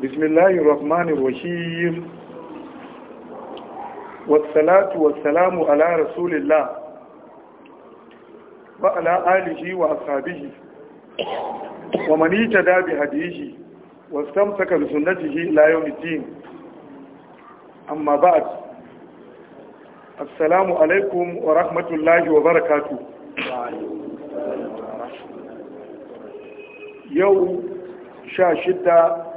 bismillahirrahmanirrahim wassalatu wassalamu ala rasulillah wa ala alihi wa ashabihi wa man yata bi hadihi wa istamsaka bi sunnatihi ila yawm al-din amma ba'd assalamu alaikum wa rahmatullahi wa barakatuh yau 16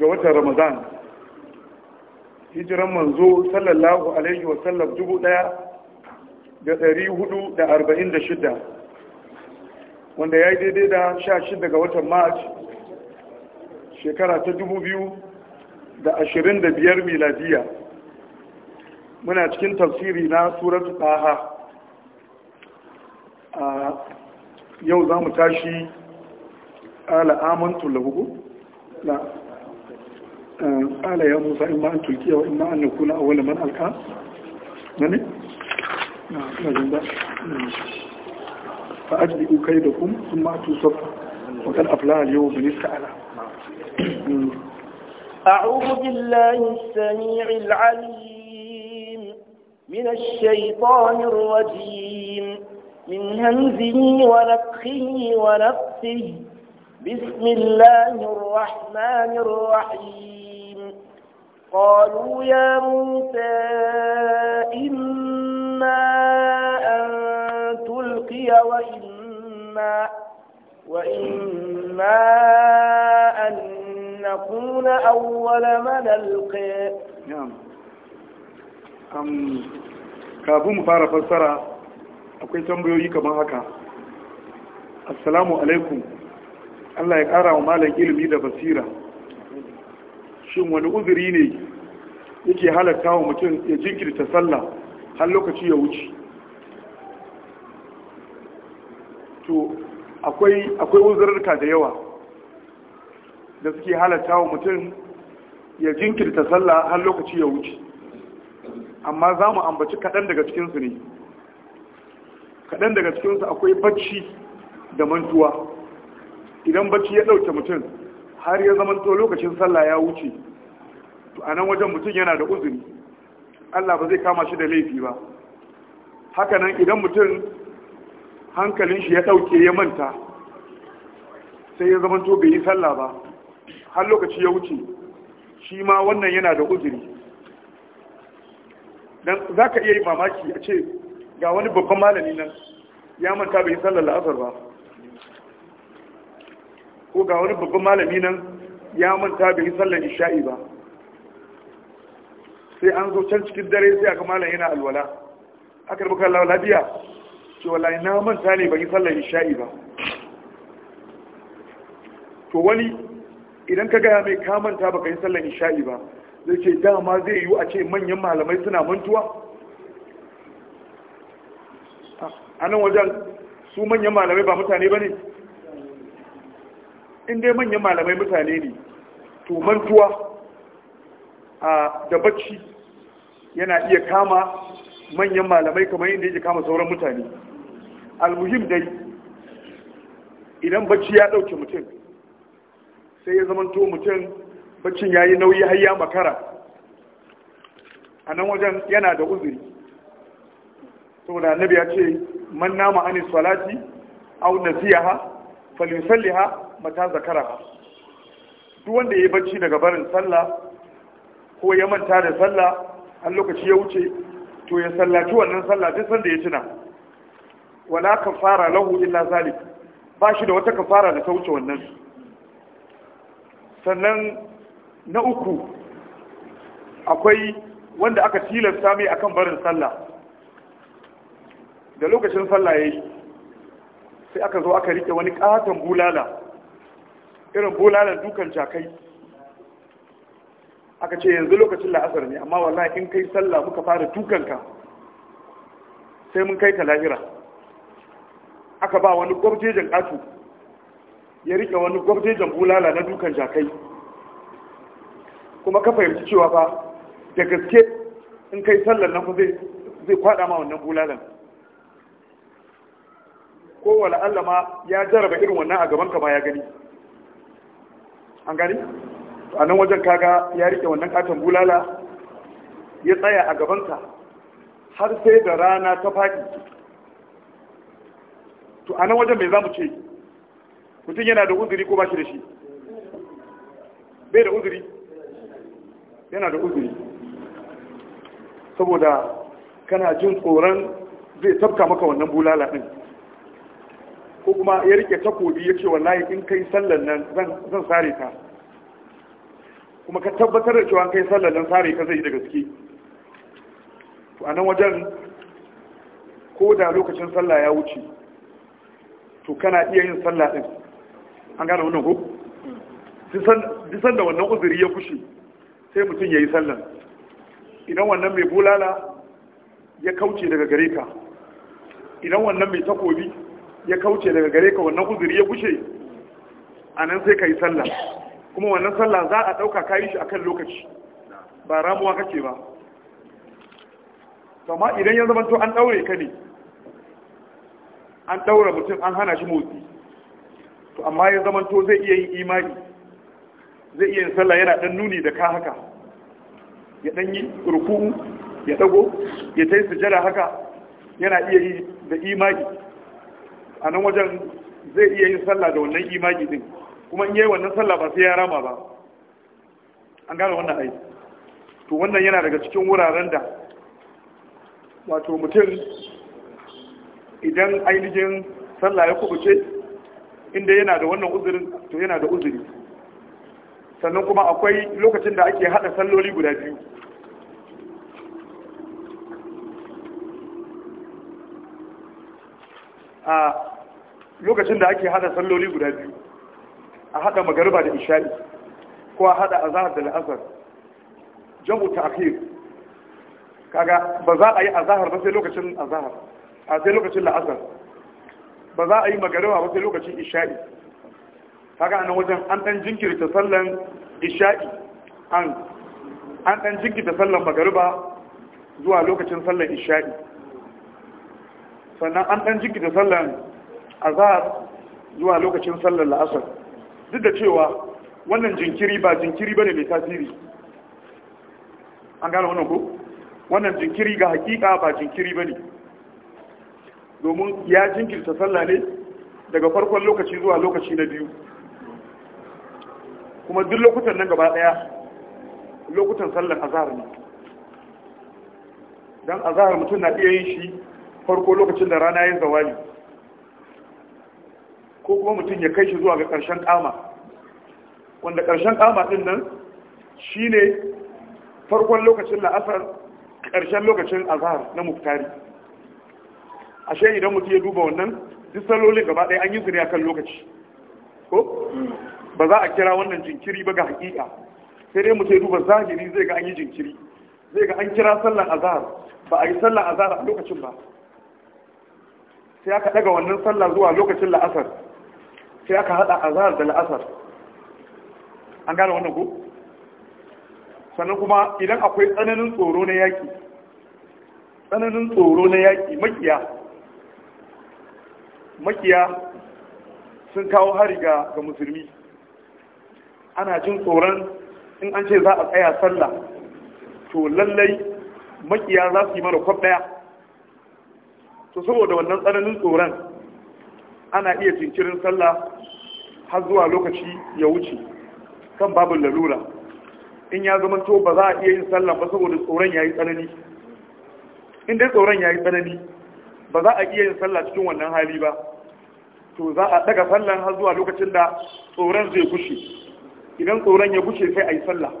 ga watan ramadan hijiran manzo sallallahu alaihi wasallam dubu daya da dari hudu da arba'in da shida wanda ya yi daidai da sha shida ga watan march shekara ta dubu biyu da ashirin da biyar miladiya muna cikin tafsiri na suratu taha a yau za mu tashi ala amantu na قال يا موسى إما أن تلقي وإما أن نكون أول من ألقى من نعم فأجلئوا كيدكم ثم أتوا صفا وقد أفلح اليوم من استعلى أعوذ بالله السميع العليم من الشيطان الرجيم من همزه ونفخه ونفسه بسم الله الرحمن الرحيم قالوا يا موسى إما أن تلقي وإما وإما أن نكون أول من ألقي نعم أم kafin mu fara fassara akwai tambayoyi kamar haka assalamu alaikum Allah ya ƙara wa malam ilimi da basira shin wani uzuri ne yake halatta wa mutum ya jinkirta sallah har lokaci ya wuce to akwai akwai uzurarka da yawa da suke halatta wa mutum ya jinkirta sallah har lokaci ya wuce amma za mu ambaci kaɗan daga cikinsu ne kaɗan daga cikinsu akwai bacci da mantuwa idan bacci ya ɗauke mutum har ya to lokacin sallah ya wuce to a nan wajen mutum yana da uzuri Allah ba zai kama shi da laifi ba haka nan idan mutum hankalin shi ya ɗauke ya manta sai ya zama to bai yi sallah ba har lokaci ya wuce shi ma wannan yana da uzuri dan za ka iya yi mamaki a ce ga wani babban malami nan ya manta bai yi sallar la'asar ba ko ga wani babban malami nan ya manta bai yi sallar isha'i ba sai an zo can cikin dare sai aka malam yana alwala aka rubuka Allah lafiya ce wallahi na manta ne ban yi sallar isha'i ba to wani idan ka gaya mai ka manta baka yi sallar isha'i ba zai ce dama zai yiwu a ce manyan malamai suna mantuwa a nan wajen su manyan malamai ba mutane ba ne in dai manyan malamai mutane ne to mantuwa da bacci yana iya kama manyan malamai kamar yadda yake kama sauran mutane almuhim dai idan bacci ya ɗauke mutum sai ya zamanto mutum baccin ya yi nauyi har ya makara a nan wajen yana da uzuri saboda annabi ya ce man nama an salati aw nasiyaha falyusalliha mata zakara duk wanda ya bacci daga barin sallah ko ya manta da sallah an lokaci ya wuce to ya sallaci wannan sallah duk sanda ya tuna wala kafara lahu illa zalik ba shi da wata kafara da ta wuce wannan sannan na uku akwai wanda aka tilasta mai akan barin sallah da lokacin sallah yayi sai aka zo aka rike wani katon bulala irin bulalan dukan jakai aka ce yanzu lokacin la'asar ne amma wallahi in kai sallah muka fara tukanka sai mun kai ta lahira aka ba wani gwabjejen ƙatu ya rike wani gwabjejen bulala na dukan jakai kuma ka fahimci cewa fa da gaske in kai sallar nan zai zai kwada ma wannan bulalan ko wala Allah ma ya jaraba irin wannan a gaban ka ya gani an gani a nan wajen kaga ya rike wannan katon bulala ya tsaya a gabansa har sai da rana ta faɗi to a nan wajen mai za mu ce mutum yana da uzuri ko ba shi da shi bai da uzuri yana da uzuri saboda kana jin tsoron zai tafka maka wannan bulala ɗin ko kuma ya rike takobi ya ce wallahi in kai sallan nan zan sare ka kuma ka tabbatar da cewa kai sallalin sare ka zai da gaske to a nan wajen ko da lokacin sallah ya wuce to kana iya yin sallah din an gane wannan ko disan da wannan uzuri ya kushe sai mutum ya yi sallan idan wannan mai bulala ya kauce daga gare ka idan wannan mai takobi ya kauce daga gare ka wannan uzuri ya kushe a nan sai ka yi sallah kuma wannan sallah za a ɗauka kayi shi akan lokaci ba ramuwa kake ba amma idan ya zama an ɗaure ka ne an ɗaure mutum an hana shi motsi to amma ya zama zai iya yin imani zai iya yin sallah yana ɗan nuni da ka haka ya ɗan yi ruku'u ya ɗago ya ta yi sujada haka yana iya yi da imani a nan wajen zai iya yin sallah da wannan imani din kuma in yi wannan sallah ba sai ya rama ba an gane wannan ai to wannan yana daga cikin wuraren da wato mutum idan ainihin sallah ya kubuce inda yana da wannan uzuri to yana da uzuri sannan kuma akwai lokacin da ake hada salloli guda biyu a lokacin da ake hada salloli guda biyu a haɗa magariba da isha'i ko a haɗa azahar da la'asar jam'u ta'khir kaga ba za a yi azahar ba sai lokacin azahar a sai lokacin la'asar ba za a yi magariba ba sai lokacin isha'i kaga anan wajen an ɗan jinkirta sallan isha'i an an dan jinkirta sallan magariba zuwa lokacin sallan isha'i sannan an ɗan jinkirta sallan azahar zuwa lokacin sallar la'asar duk da cewa wannan jinkiri ba jinkiri ba ne mai tasiri an gane wannan ko wannan jinkiri ga hakika ba jinkiri ba ne. domin ya jinkirta sallah ne daga farkon lokaci zuwa lokaci na biyu kuma duk lokutan nan gaba daya lokutan sallar azhar ne dan azhar mutum na iya yin shi farko lokacin da rana ya zawali ko kuma mutum ya kai shi zuwa ga ƙarshen ƙama, wanda ƙarshen ƙama ɗin nan shi ne farkon lokacin la'asar ƙarshen lokacin azhar na muftari ashe idan mutum ya duba wannan duk salolin gaba ɗaya an yi su ne kan lokaci ko ba za a kira wannan jinkiri ba ga haƙiƙa sai dai mutum ya duba zahiri zai ga an yi jinkiri zai ga an kira sallan azhar ba a yi sallan azhar a lokacin ba sai aka daga wannan sallah zuwa lokacin la'asar sai aka hada azhar da la'asar an gane wannan ku? sannan kuma idan akwai tsananin tsoro na yaki tsananin tsoro na yaƙi makiya makiya sun kawo hari ga musulmi ana jin tsoron in an ce za a tsaya sallah to lallai makiya za su yi mana kwab daya to saboda wannan tsananin tsoron ana iya jinkirin sallah har zuwa lokaci ya wuce kan babin lalura in ya zama to ba za a iya yin sallah ba saboda tsoron ya yi tsanani in dai tsoron ya yi tsanani ba za a iya yin sallah cikin wannan hali ba to za a daga sallan har zuwa lokacin da tsoron zai gushe idan tsoron ya gushe sai a yi sallah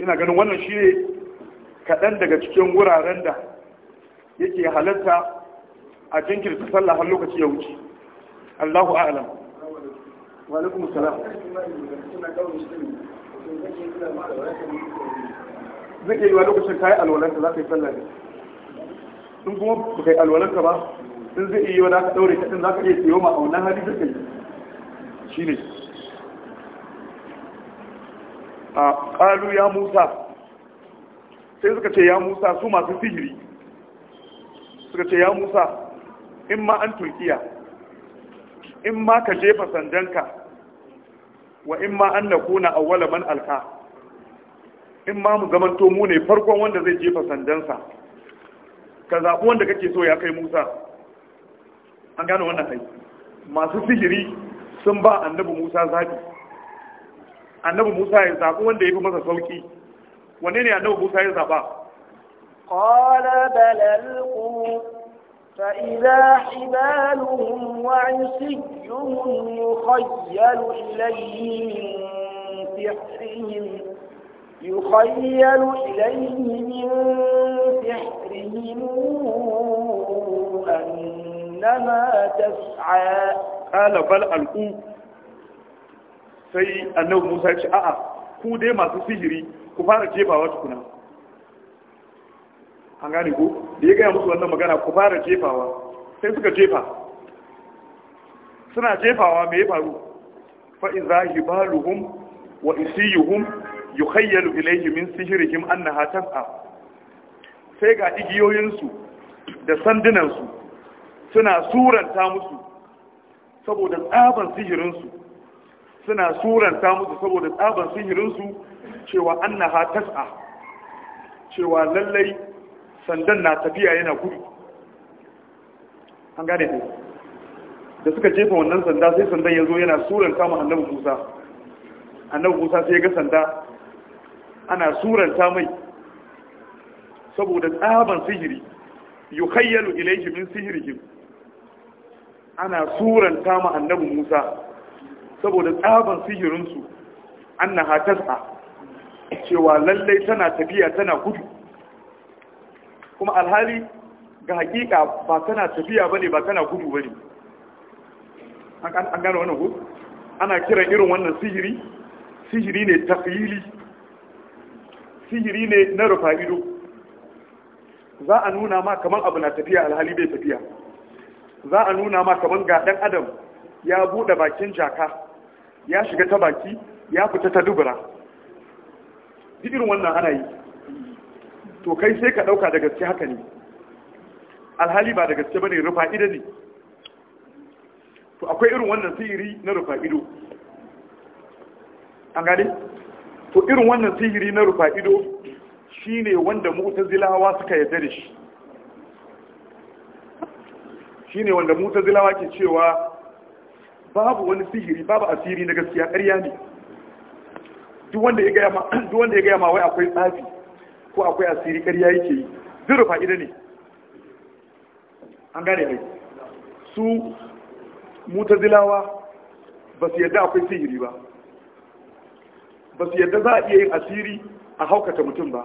ina ganin wannan shi ne kaɗan daga cikin wuraren da yake halatta a jinkirta sallah har lokaci ya wuce Allahu a'lam wa alaikum salam zai iya yiwa lokacin kayi alwalanka za ka yi sallah ne in kuma ba ka yi alwalanka ba in zai iya yiwa za ka ɗaure kaɗin za ka iya tsayo ma a wannan hali da kai shi ne a ƙalu ya musa sai suka ce ya musa su masu sihiri suka ce ya musa in ma an Turkiya. in ma ka jefa sandanka wa in ma an na kuna a man alka in ma mu zamanto mu ne farkon wanda zai jefa sandansa ka zaɓi wanda kake so ya kai musa an gane wannan kai masu sihiri sun ba annabi musa zaɓi annabi musa ya zaɓi wanda ya fi masa sauƙi wane ne annabi musa ya zaɓa قال بل القوا فإذا حبالهم وعصيهم يخيل إليه من سحرهم يخيل إليه من سحرهم أنما تسعى قال بل ألقوا sai annabi Musa ya ce a'a ku dai masu sihiri ku fara jefawa tukuna an gane ko da ya gaya musu wannan magana ku fara jefawa sai suka jefa suna jefawa me ya faru fa iza hibaluhum wa isiyuhum yukhayyalu ilayhi min na annaha a sai ga igiyoyinsu da sandunansu suna suranta musu saboda tsaban sihirinsu suna suranta musu saboda tsaban sihirinsu cewa annaha a cewa lallai sandan na tafiya yana gudu an gane ne da suka jefa wannan sanda sai sandan ya zo yana suran kama annabu musa annabu musa sai ya ga sanda ana suranta mai saboda tsaban sihiri yukhayyalu ilaihi min sihrihim ana suranta ma annabu Musa saboda tsaban sihirinsu annaha tas'a cewa lallai tana tafiya tana gudu kuma alhali ga hakika ba tana tafiya ba ne, ba tana gudu ba ne. an gano wannan gudu ana kira irin wannan sihiri sihiri ne tafiyili. sihiri ne na rufa ido za a nuna ma kaman abu na tafiya alhali bai tafiya za a nuna ma kaman ga dan adam ya bude bakin jaka ya shiga ta baki ya fita ta dubura duk irin wannan ana yi to kai sai ka ɗauka da gaske haka ne alhali ba da gaske ba ne rufa ido ne to akwai irin wannan sihiri na rufa ido an gane to irin wannan sihiri na rufa ido shine wanda mu'tazilawa suka yarda da shi shine wanda mu'tazilawa ke cewa babu wani sihiri babu asiri na gaskiya ƙarya ne duk wanda ya gaya ma wai akwai tsafi ko akwai asiri ƙarya yake yi zuru fa'ida ne an gane mai su mutazilawa ba su yadda akwai sihiri ba ba su yadda za a iya yin asiri a haukata mutum ba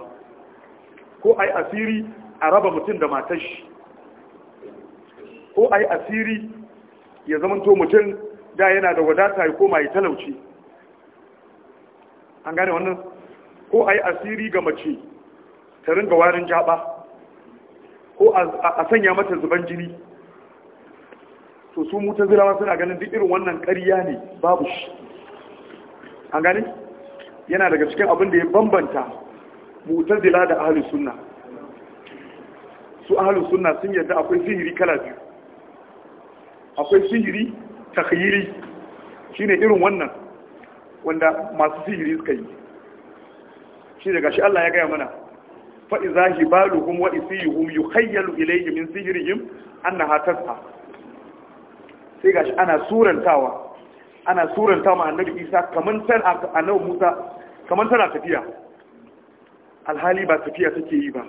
ko a asiri a raba mutum da matashi. shi ko a asiri ya zamanto mutum da yana da wadata ya koma ya talauci an gane wannan ko a asiri ga mace ta ringa warin jaba ko a sanya mata zuban jini to su mutan zirawa suna ganin duk irin wannan karya ne babu shi an gani yana daga cikin abin da ya bambanta mutan zila da ahalus suna. su ahalus suna sun yarda akwai sihiri kala biyu akwai sihiri shi shine irin wannan wanda masu sihiri suka yi shi daga shi Allah ya gaya mana fa idza hibaluhum wa isihum yukhayyalu ilayhi min sihrihim annaha tas'a sai ga shi ana surantawa ana surantawa ma annabi Isa kaman san annabi Musa kaman tana tafiya alhali ba tafiya take yi ba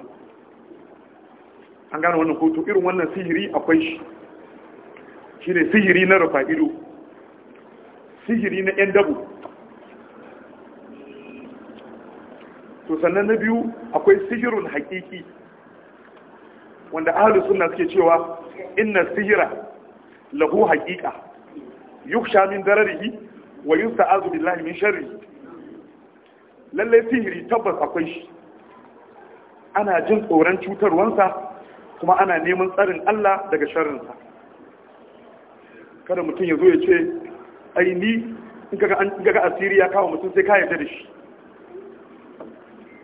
an gane wannan hoto irin wannan sihiri akwai shi Shi ne sihiri na rufa ido sihiri na yan dabo to sannan na biyu akwai sihirun haƙiƙi wanda ahalu sunna suke cewa inna sihira lahu haƙiƙa yuk min dararihi wa yusta'azu billahi min sharri Lallai sihiri tabbas akwai shi ana jin tsoron cutarwansa kuma ana neman tsarin Allah daga sharrinsa kada mutum ya zo ya ce aini ni in kaga asiri ya kawo mutum sai ka yadda da shi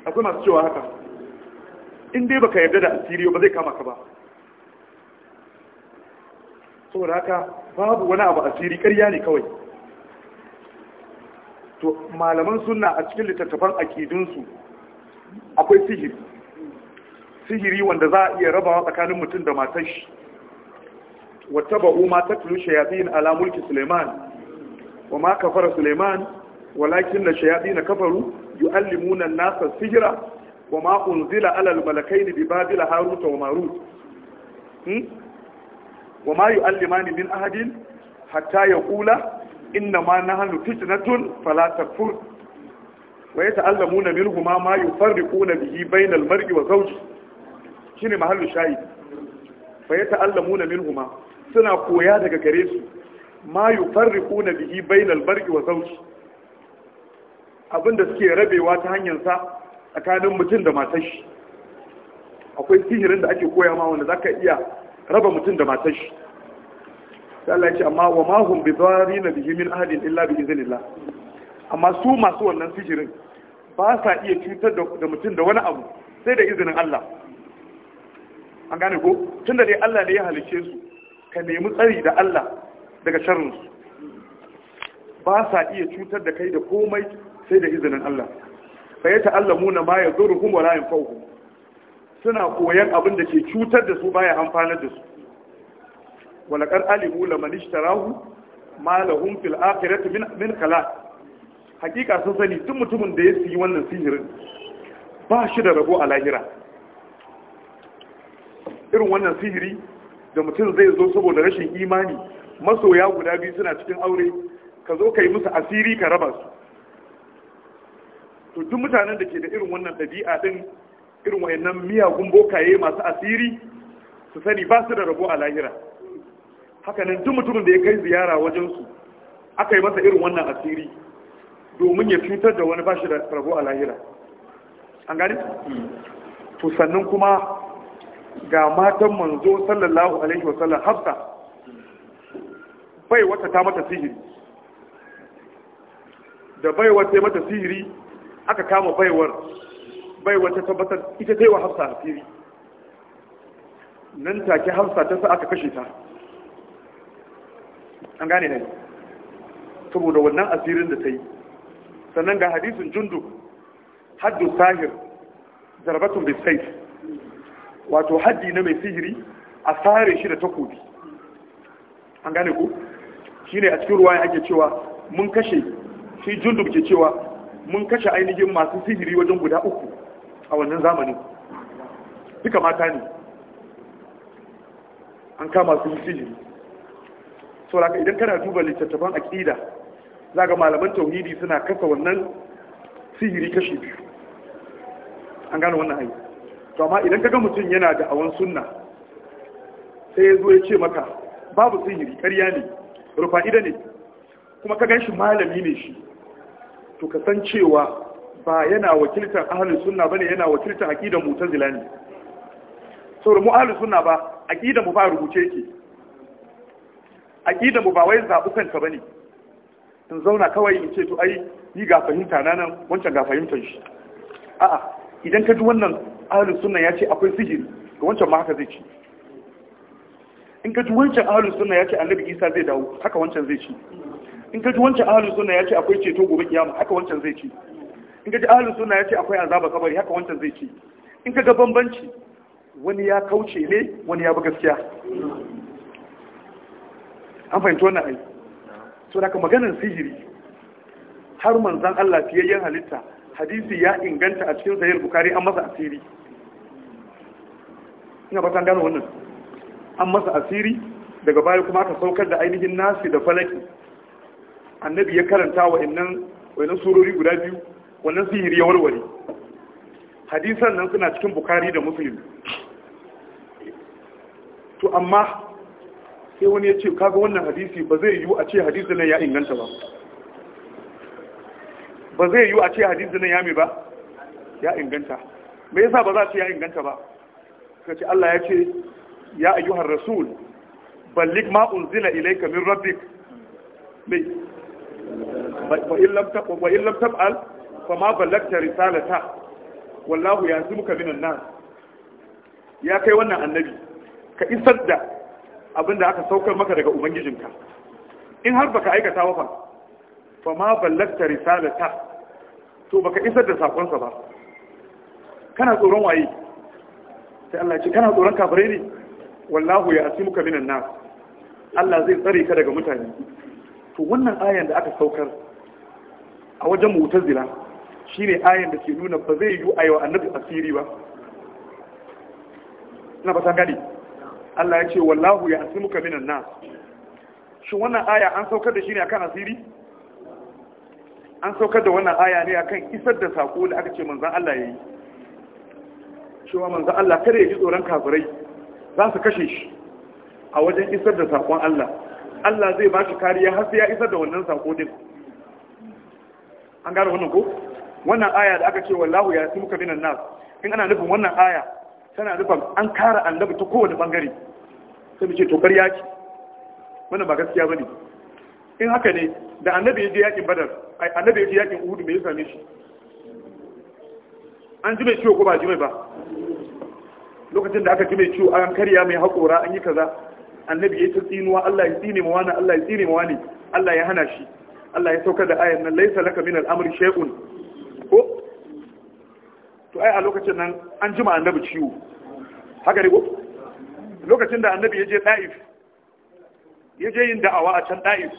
akwai masu cewa haka in dai baka yarda da asiri ba zai kama ka ba saboda haka babu wani abu asiri ƙarya ne kawai to malaman sunna a cikin littattafan akidunsu akwai sihiri sihiri wanda za a iya rabawa tsakanin mutum da matar shi wata ba'u ma ta ya shayatin ala mulki suleiman wa ma kafara suleiman walakin la shayatin kafaru yu'allimuna an-nasa sihra wa ma unzila ala al-malakaini bi babila harut wa marut hmm? wa ma yu'allimani min ahadin hatta yaqula inna ma nahnu fitnatun fala takfur wa yata'allamuna minhuma ma yufarriquna bihi bayna al-mar'i wa zawji shine mahallu shahid suna koya daga gare su ma bihi abinda suke rabewa ta hanyar sa tsakanin mutum da matar shi akwai sihirin da ake koya ma wanda zaka iya raba mutum da matar shi sai Allah ya ce amma wa ma hum bi dharina bihi min ahadin illa bi iznillah amma su masu wannan sihirin ba sa iya cutar da mutum da wani abu sai da izinin Allah an gane ko tunda dai Allah ne ya halice su ka nemi tsari da Allah daga sharrinsu ba sa iya cutar da kai da komai sai da izinin Allah fa ya ta'allamu na ma ya zuru kuma suna koyan abin da ke cutar da su baya amfana da su walaqad alimu laman ishtarahu ma lahum fil akhirati min min hakika sun sani tun mutumin da ya siyi wannan sihirin ba shi da rabo a lahira irin wannan sihiri da mutum zai zo saboda rashin imani masoya guda biyu suna cikin aure ka zo ka yi musu asiri ka raba su to duk mutanen da ke da irin wannan ɗabi'a ɗin irin wayannan miyagun bokaye masu asiri su sani ba su da rabo a lahira hakanan duk mutumin da ya kai ziyara wajensu aka yi masa irin wannan asiri domin ya cutar da wani ba shi da rabo a lahira an gani? to sannan kuma ga matan manzo sallallahu alaihi wa sallam, hafsa bai wata ta mata sihiri da bai wata mata sihiri aka kama baiwar baiwar ta tabbatar ita ta yi wa hafsa asiri nan take hafsa ta sa aka kashe ta an gane ne saboda wannan asirin da ta yi sannan ga hadisin jundu haddu sahir zarbatun bisaif wato haddi na mai sihiri a sare shi da takobi an gane ku shi ne a cikin ruwa ake cewa mun kashe shi jundu ke cewa mun kashe ainihin masu sihiri wajen guda uku a wannan zamanin duka mata ne an kama su sihiri sauraka idan kana duba littattafan aƙida za ga malaman tauhidi suna kasa wannan sihiri kashe biyu an gano wannan hanyar to amma idan kaga mutum yana da awon sunna sai ya zo ya ce maka babu sihiri karya ne rufa ida ne kuma ka gan shi malami ne shi to ka san cewa ba yana wakiltar ahlus sunna bane yana wakiltar aqidar mu'tazila ne saboda mu ahlus sunna ba aqidar mu ba rubuce yake aqidar mu ba wai zabu ba bane in zauna kawai in ce to ai ni ga fahimta na nan wancan ga fahimtar shi a'a idan ka ji wannan ahlus sunna ya ce akwai sihiri to wancan ma haka zai ci in ka ji wancan ahlus sunna ya ce annabi Isa zai dawo haka wancan zai ci in ka ji wancan ahalin suna ya ce akwai ceto gobe kiyama haka wancan zai ce in ka ji ahalin suna ya ce akwai azaba kabari haka wancan zai ce in ka ga bambanci wani ya kauce ne wani ya bi gaskiya an fahimci wannan ai so ka maganar sihiri har manzan Allah fiyayyen halitta hadisi ya inganta a cikin sahih bukari an masa asiri ina ba gano wannan an masa asiri daga baya kuma aka saukar da ainihin nasi da falaki annabi ya karanta wa innan wani surori guda biyu wannan sihiri ya warware hadisan nan suna cikin bukari da muslim to amma sai wani ya ce kaga wannan hadisi ba zai yiwu a ce hadisi nan ya inganta ba ba zai yiwu a ce hadisi nan ya mai ba ya inganta me yasa ba za ce ya inganta ba ka ce Allah ya ce ya ayyuhar rasul ballik ma unzila ilayka min rabbik mai wa in lam taf'al fa ma ballagta risalata wallahu yahzimuka minan nas ya kai wannan annabi ka isar da abinda aka saukar maka daga ubangijinka in har baka aikata wa fa ma ballagta risalata to baka isar da sakonsa ba kana tsoron waye sai Allah ce kana tsoron kafirai ne wallahu ya asimuka minan nas Allah zai tsare ka daga mutane to wannan ayan da aka saukar a wajen mutazila shine ayan da ke nuna ba zai yi wa annabi asiri ba na ba ta gani Allah ya ce wallahu ya muka minan na. shin wannan aya an saukar da shi ne akan asiri an saukar da wannan aya ne akan isar da sako da aka ce manzan Allah ya yi cewa manzan Allah kare ya ji tsoron kafirai za su kashe shi a wajen isar da sakon Allah Allah zai ba shi kariya har sai ya isar da wannan sako din an gane wannan ko wannan aya da aka ce wallahu ya simuka minan nas in ana nufin wannan aya tana nufin an kara annabi ta kowane bangare sai mu ce to kariya ce wannan ba gaskiya bane in haka ne da annabi ya je yakin badar ai annabi ya je yakin uhud me ya same shi an ji mai ciwo ko ba ji mai ba lokacin da aka ji mai ciwo an kariya mai haƙora an yi kaza annabi ya ta tsinuwa Allah ya tsine ma wani Allah ya tsine ma wani Allah ya hana shi Allah ya saukar da ayar nan laisa laka min al'amri shay'un ko to ai a lokacin nan an jima annabi ciwo haka ne ko lokacin da annabi ya je Daif ya je yin da'awa a can Daif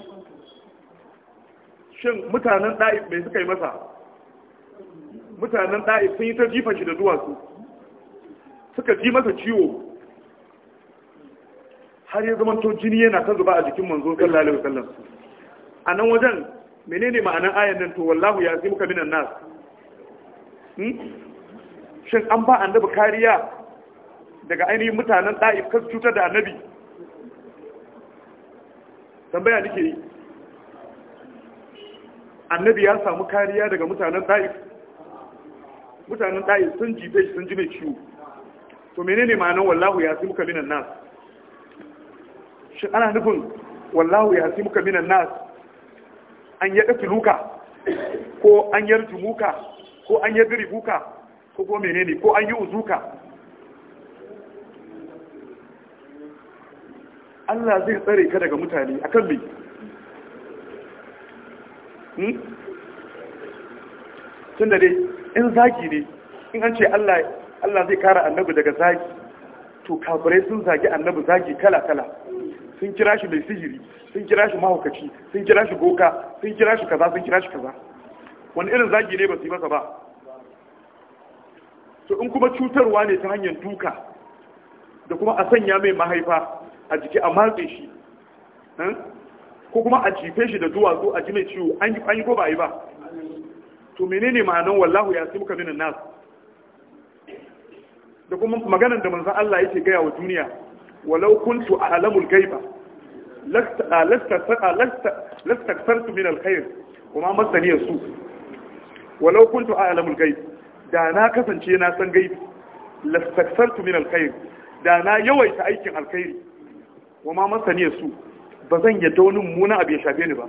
shin mutanen Daif me suka yi masa mutanen Daif sun yi ta jifa shi da duwatsu suka ji masa ciwo har ya zama to jini yana ta zuba a jikin manzon sallallahu alaihi wasallam a nan wajen menene ma'anar ayan nan to wallahu ya zimuka minan nas hmm? shin an ba annabi kariya daga ainihin mutanen ɗa'if kan cutar da annabi tambaya nake yi annabi ya samu kariya daga mutanen ɗa'if mutanen ɗa'if sun jibe sun ji mai ciwo to menene ma'anar wallahu ya zimuka minan nas shi ana nufin wallahu ya hasi muka minan nas an yi luka ko an yi muka ko an yi diribuka ko ko menene ko an yi uzuka Allah zai tsare ka daga mutane a kan me hmm? tunda dai in zagi ne in an ce Allah zai kara annabi daga zagi to kafirai sun zagi annabi zagi kala-kala sun kira shi mai sihiri sun kira shi mahaukaci sun kira shi boka sun kira shi kaza sun kira shi kaza wani irin zagi ne ba su yi masa ba to in kuma cutarwa ne ta hanyar duka da kuma a sanya mai mahaifa a jiki a matse shi hmm? ko kuma a jife shi da duwatsu a ji mai ciwo an yi ko ba a yi ba to menene ma'anan wallahu ya simka minan nas da kuma maganar da manzan Allah yake gaya wa duniya walau kuntu a'lamul ghaiba lasta lasta lasta min alkhair kuma masani su walau kuntu a'lamul ghaib da na kasance na san gaibi lastaksartu min alkhair da na yawaita aikin alkhairi wa ma su ba zan yadda wani mummuna abu shafe ni ba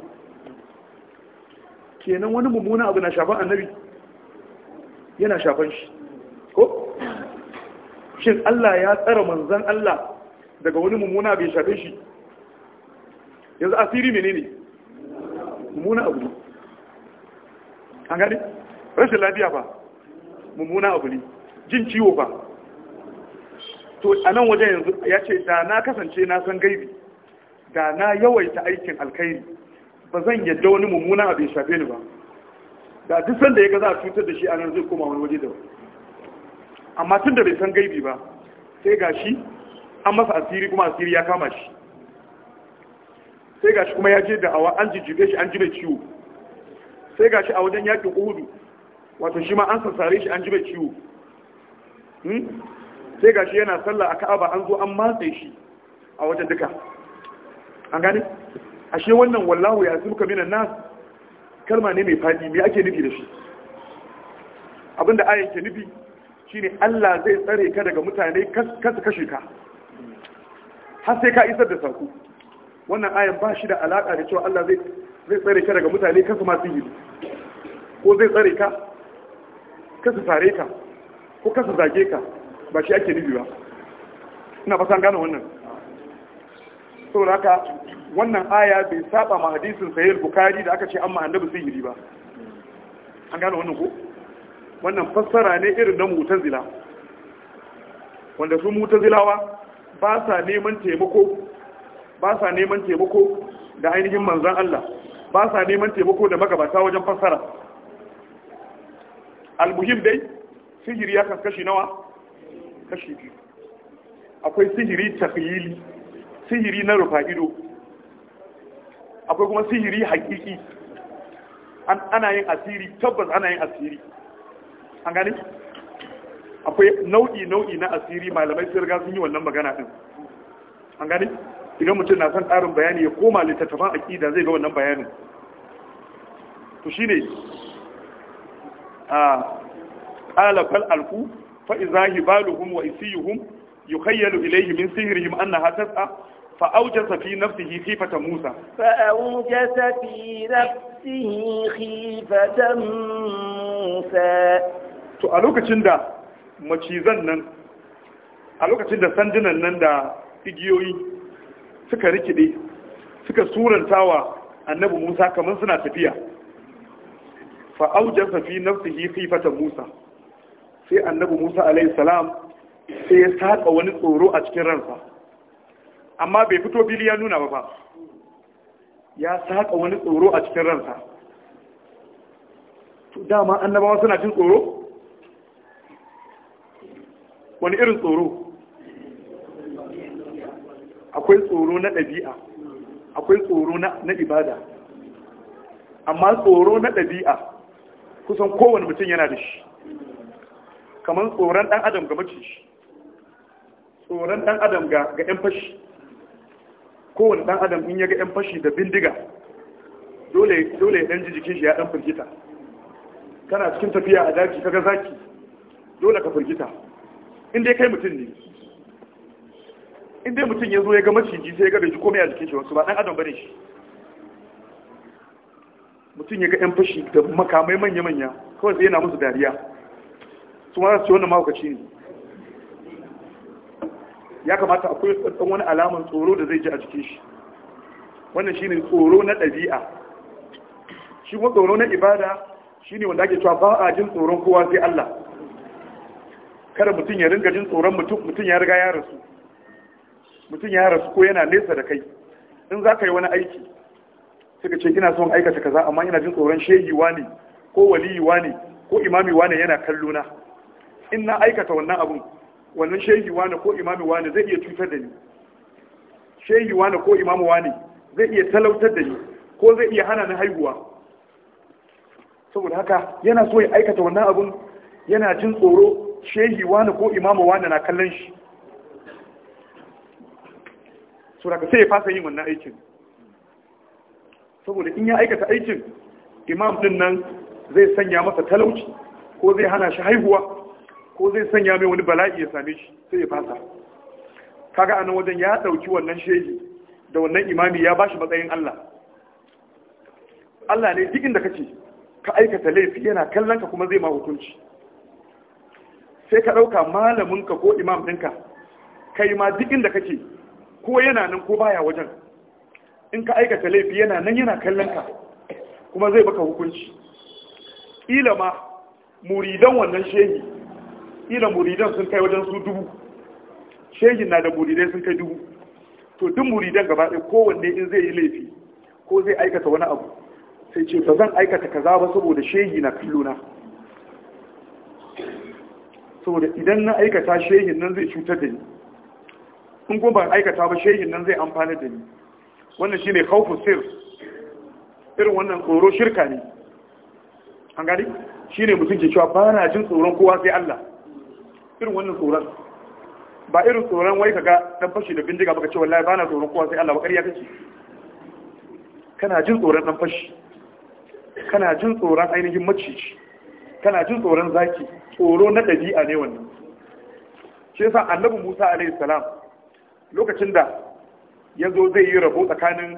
kenan wani mummuna abu na shafan annabi yana shafan shi shin Allah ya tsara manzan Allah daga wani mummuna bai shafe shi yanzu asiri menene mummuna abu ne an gani rashin lafiya ba mummuna abu ne jin ciwo ba to a nan wajen yanzu ya ce da na kasance na san gaibi da na yawaita aikin alkhairi ba zan yadda wani mummuna abu ya shafe ni ba da duk sanda ya ga za a cutar da shi a nan zai koma wani waje da amma tun da bai san gaibi ba sai ga shi an masa asiri kuma asiri ya kama shi sai gashi kuma ya je da awa an jijjibe shi an jibe ciwo sai gashi a wajen yakin uhudu wato shi ma an sassare shi an jibe ciwo hmm? sai gashi yana sallah a ka'aba an zo an matse shi a wajen duka an gane ashe wannan wallahu ya zuka minan nas kalma ne mai fadi me ake nufi da shi abinda ayan ke nufi shine Allah zai tsare ka daga mutane kasa kashe ka har sai ka isar da sarku wannan ayan ba shi da alaka da cewa Allah zai tsare ka daga mutane kasu masu yi ko zai tsare ka kasu tare ka ko kasu zage ka ba shi ake nufi ba ina fasa gane wannan saboda haka wannan aya bai saba ma hadisin sahih bukhari da aka ce amma annabi yi ba an gane wannan ko wannan fassara ne irin na mutazila wanda su mutazilawa ba sa neman taimako ba sa neman taimako da ainihin manzan Allah ba sa neman taimako da magabata wajen fassara muhim dai sihiri ya kashi nawa kashi biyu akwai sihiri tafiyili sihiri na rufa ido akwai kuma sihiri hakiki ana yin asiri tabbas ana yin asiri an gani akwai nau'i nau'i na asiri malamai sun riga sun yi wannan magana din an gani? idan mutum na son ƙarin bayani ya koma littattafan aƙida zai ga wannan bayanin to shine a qala fal alqu fa iza hibaluhum wa isiyuhum yukhayyalu ilayhi min sihrihim annaha tas'a fa awjasa fi nafsihi khifata musa fa awjasa fi nafsihi khifata musa to a lokacin da macizan nan a lokacin da sandunan nan da igiyoyi suka rikide suka surantawa annabi Musa kamar suna tafiya fa aujasa fi nafsihi khifatan Musa sai annabi Musa alaihi salam sai ya saka wani tsoro a cikin ransa amma bai fito fili ya nuna ba fa ya saka wani tsoro a cikin ransa to dama annabawa suna jin tsoro wani irin tsoro akwai tsoro na ɗabi'a akwai tsoro na ibada amma tsoro na ɗabi'a kusan kowane mutum yana da shi kamar tsoron ɗan adam ga shi, tsoron ɗan adam ga 'yan fashi kowane ɗan adam in ya ga 'yan fashi da bindiga dole ya ɗan ji jikin shi ya ɗan firgita kana cikin tafiya a daji ga zaki dole ka firgita in dai kai mutum ne in dai mutum ya zo ya ga maciji sai ya ga bai ji komai a jikin shi wasu ba ɗan adam bane shi mutum ya ga yan fashi da makamai manya-manya kawai sai yana musu dariya su ma su wannan mahaukaci ne ya kamata akwai ɗan wani alamun tsoro da zai ji a jikin shi wannan shi ne tsoro na ɗabi'a shi kuma tsoro na ibada shi ne wanda ake cewa ba a jin tsoron kowa sai Allah kada mutum ya ringa jin tsoron mutum ya riga ya rasu mutum ya rasu ko yana nesa da kai in za ka yi wani aiki suka ce ina son aikata kaza amma ina jin tsoron shehi ne ko waliyi ne ko imami ne yana kallo na in na aikata wannan abun wannan shehi ne ko imami ne zai iya cutar da ni shehi ne ko imamu ne zai iya talautar da ni ko zai iya hana ni haihuwa saboda haka yana so ya aikata wannan abun yana jin tsoro shehi wani ko imamu wani na kallon shi so daga sai ya fasa yin wannan aikin saboda in ya aikata aikin imam din nan zai sanya masa talauci ko zai hana shi haihuwa ko zai sanya mai wani bala'i ya same shi sai ya fasa kaga anan wajen ya ɗauki wannan shehi da wannan imami ya ba shi matsayin Allah Allah ne duk inda kace ka aikata laifi yana kallon ka kuma zai ma hukunci sai ka ɗauka malaminka ko imam ɗinka kai ma duk inda kake ko yana nan ko baya wajen in ka aikata laifi yana nan yana kallon ka kuma zai baka hukunci ila ma muridan wannan shehi ila muridan sun kai wajen su dubu shehin na da muridai sun kai dubu to duk muridan gaba ɗaya kowanne in zai yi laifi ko zai aikata wani abu sai ce ba zan aikata kaza ba saboda shehi na kallona saboda idan na aikata shehin nan zai cutar da ni in kuma ban aikata ba shehin nan zai amfana da ni wannan shi ne kaufin sir irin wannan tsoro shirka ne an gani shi ne mutum ke cewa ba na jin tsoron kowa sai Allah irin wannan tsoron ba irin tsoron wai kaga dan fashi da bindiga baka ce wallahi ba na tsoron kowa sai Allah ba ƙarya kake kana jin tsoron dan fashi kana jin tsoron ainihin macici kana jin tsoron zaki tsoro na ɗabi'a ne wannan shi yasa annabi Musa alaihi salam lokacin da ya zo zai yi rabo tsakanin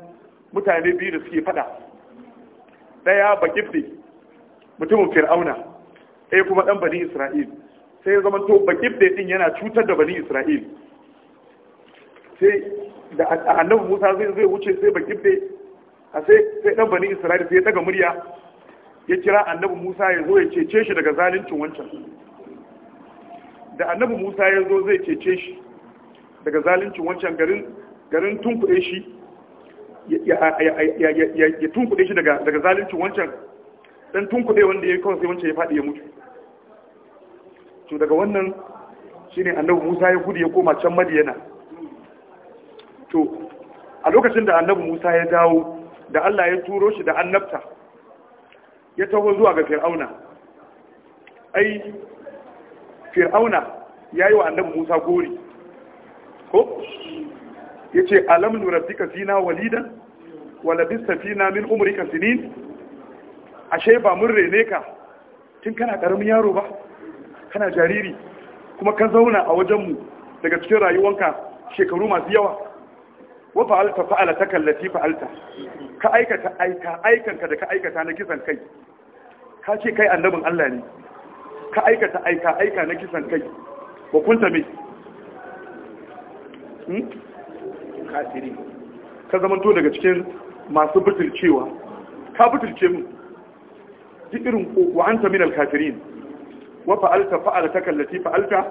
mutane biyu da suke fada daya bakifte mutumin fir'auna ɗaya kuma ɗan bani isra'il sai ya zama to bakifte ɗin yana cutar da bani isra'il sai da annabi musa zai zai wuce sai bakifte a sai ɗan bani isra'il sai ya daga murya ya kira annabi Musa ya zo ya cece shi daga zaluncin wancan da annabi Musa ya zo zai cece shi daga zaluncin wancan garin garin tunkuɗe shi ya tunkuɗe shi daga zaluncin wancan ɗan tunkuɗe wanda ya kawai sai wancan ya faɗi ya mutu to daga wannan shi ne annabi Musa ya gudu ya koma can Madiyana to a lokacin da annabi Musa ya dawo da Allah ya turo shi da annabta ya taho zuwa ga fir'auna ai fir'auna ya yi wa annabi musa gori ko ya ce alam nurabbika fina walidan walabista fina min umrika sinin ashe ba mun rene ka tun kana karamin yaro ba kana jariri kuma ka zauna a wajenmu daga cikin rayuwanka shekaru masu yawa wa fa'alta fa'alata kallati fa'alta ka aikata aika aikanka da ka aikata na kisan kai ka ce kai annabin Allah ne ka aikata aika aika na kisan kai wa kunta me hmm kafiri ka zamanto daga cikin masu butulcewa ka butulce mu duk irin wa anta min al-kafirin wa fa'alta fa'alata kallati fa'alta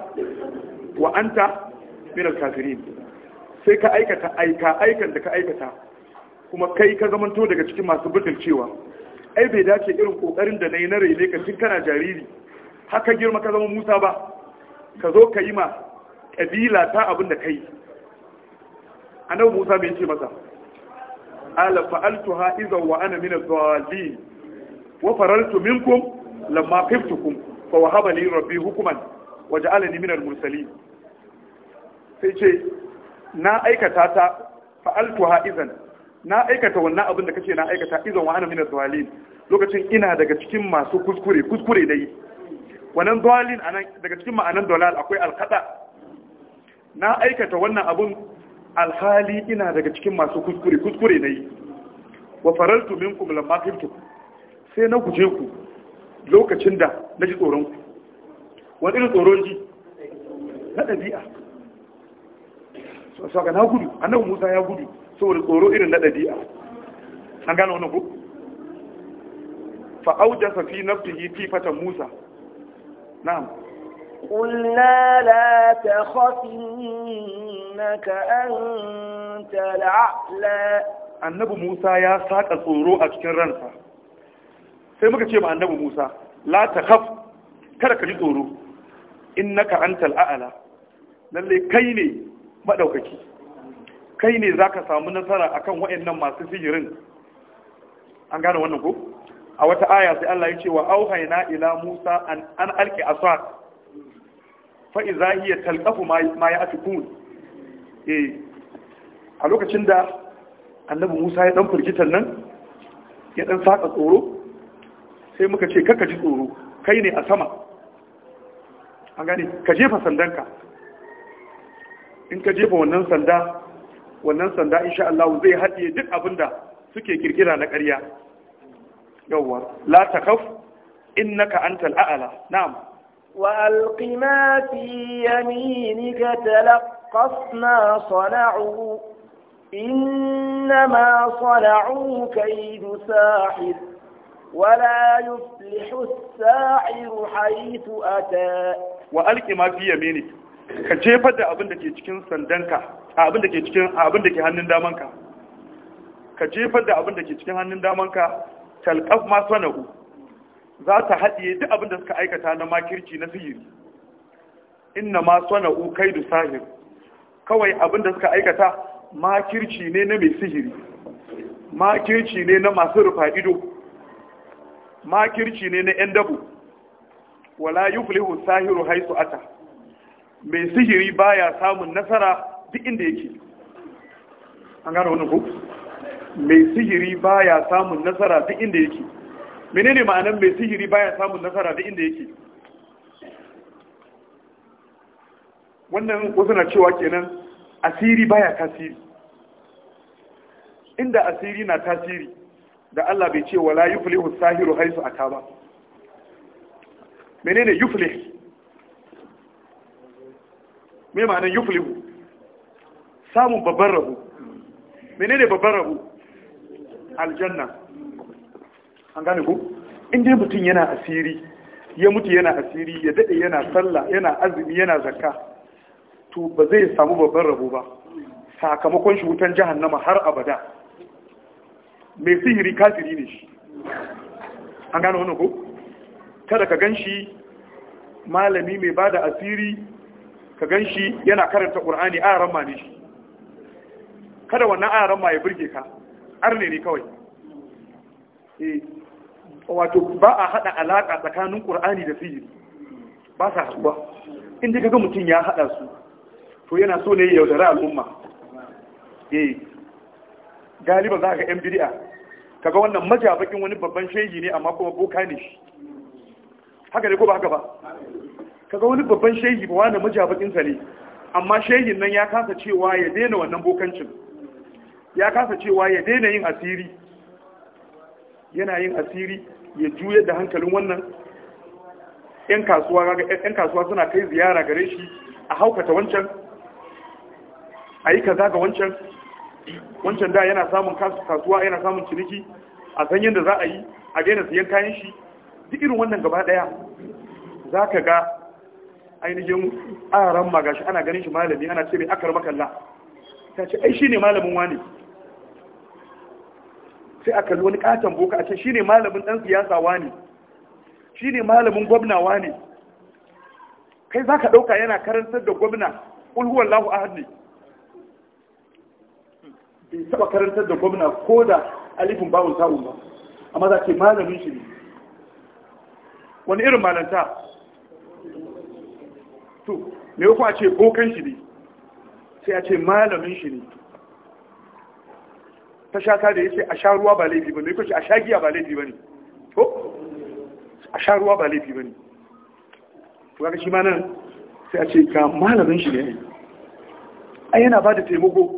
wa anta min al-kafirin sai ka aikata aika aikan da ka aikata kuma kai ka zamanto daga cikin masu butulcewa ai bai dace irin kokarin da nayi na raine ka tun kana jariri haka girma ka zama Musa ba ka zo ka yi ma kabila ta abin da kai annabi Musa bai ce masa ala fa'altuha idza wa ana min adh-dhalin wa farartu minkum lamma khiftukum fa wahaba rabbi hukman waja'alani min al-mursalin sai ce na aikata ta fa'altuha idan na aikata wannan abin da kace na aikata idan wa ana min zalim lokacin ina daga cikin masu kuskure kuskure dai wannan dalil anan daga cikin ma'anan dalal akwai alqada na aikata wannan abun alhali ina daga cikin masu kuskure kuskure yi. wa faraltu minkum lamma khiftu sai na guje ku lokacin da naji tsoron ku wani irin tsoron ji na dabi'a saka na gudu annabi musa ya gudu saboda tsoro irin na ɗabi'a an gane wannan ko fa sa fi fi fatan musa na'am قلنا لا ta إنك أنت الأعلى annabi Musa ya saka tsoro a cikin ransa sai muka ce ma annabi Musa la haf kada ka ji tsoro innaka antal a'la lalle kai ne maɗaukaki kai ne za ka samu nasara akan waɗannan masu sihirin an gane wannan ko a wata aya sai Allah ya ce wa auhayna ila Musa an an alqi asad fa iza hiya talqafu ma ya'tikun eh a lokacin da annabi Musa ya dan furgitan nan ya dan saka tsoro sai muka ce kaka ji tsoro kai ne a sama an gane ka jefa sandanka in ka jefa wannan sanda wannan sanda insha Allah zai haɗiye duk abinda suke kirkira na ƙarya yawwa la takaf innaka antal a'la na'am wa alqi ma fi yaminika talaqqas ma sana'u innama sana'u kaydu sahir ولا يفلح الساحر حيث أتى وألق ما في يمينك ka jefar da abin da ke cikin sandanka abin da ke cikin abin da ke hannun damanka ka jefar da abin da ke cikin hannun damanka talqaf ma sanahu za ta haɗiye duk abin da suka aikata na makirci na sihiri inna ma sanahu kaidu sahir kawai abin da suka aikata makirci ne na mai sihiri makirci ne na masu rufa ido makirci ne na 'yan dabu, wala yuflihu sahiru haisu ata mai sihiri baya samun nasara duk inda yake an gano wani ku mai sihiri baya samun nasara duk inda yake menene ma'anar mai sihiri baya samun nasara duk inda yake wannan wasu na cewa kenan asiri baya tasiri inda asiri na tasiri da Allah bai ce wala yuflihu sahiru haisu ata ba menene yuflihu mai ma'anar yuflihu samun babban rabu menene babban rabu aljanna an gane ku inda mutum yana asiri ya mutu yana asiri ya daɗe yana sallah yana azumi yana zakka to ba zai samu babban rabo ba sakamakon shi wutan jahannama har abada mai sihiri kafiri ne shi an gane wannan ku? kada ka gan shi malami mai bada asiri ka gan shi yana karanta ƙur'ani a ramma ne shi kada wannan a ramma ya birge ka arne ne kawai eh, wato ba a haɗa alaƙa tsakanin ƙur'ani da sihiri ba sa haɗuwa inda kaga mutum ya haɗa su to yana so ne ya yaudara al'umma eh galiba za ka yan Ka kaga wannan majabakin wani babban shehi ne amma kuma boka ne shi haka ne ko ba haka ba kaga wani babban shehi ba wani sa ne amma shehin nan ya kasa cewa ya daina wannan bokancin ya kasa cewa ya daina yin asiri yana yin asiri ya juya da hankalin wannan 'yan kasuwa suna kai ziyara gare shi a haukata wancan a kaza ga wancan wancan da yana samun kasuwa yana samun ciniki a san yadda za a yi a daina siyan kayan shi duk irin wannan gaba daya za ka ga ainihin aran magashi ana ganin shi malami ana ce mai akar makalla ta ce ai shi ne malamin wani sai a kalli wani katon boka a ce shi ne malamin ɗan siyasa wani ne malamin gwamna wani kai za ka ɗauka yana karantar da gwamna kul a ahad ne bai taba karantar da gwamna ko da alifin bawon sa'un ba amma za ce malamin shi ne wani irin malanta to me ko a ce bokan shi ne sai a ce malamin shi ne ta shata da ce a sha ruwa ba laifi ba, ko shi a sha giya ba laifi ba ne? to a sha ruwa ba laifi ba ne. to ga shi ma nan sai a ce ga malamin shi ne ai yana ba da taimako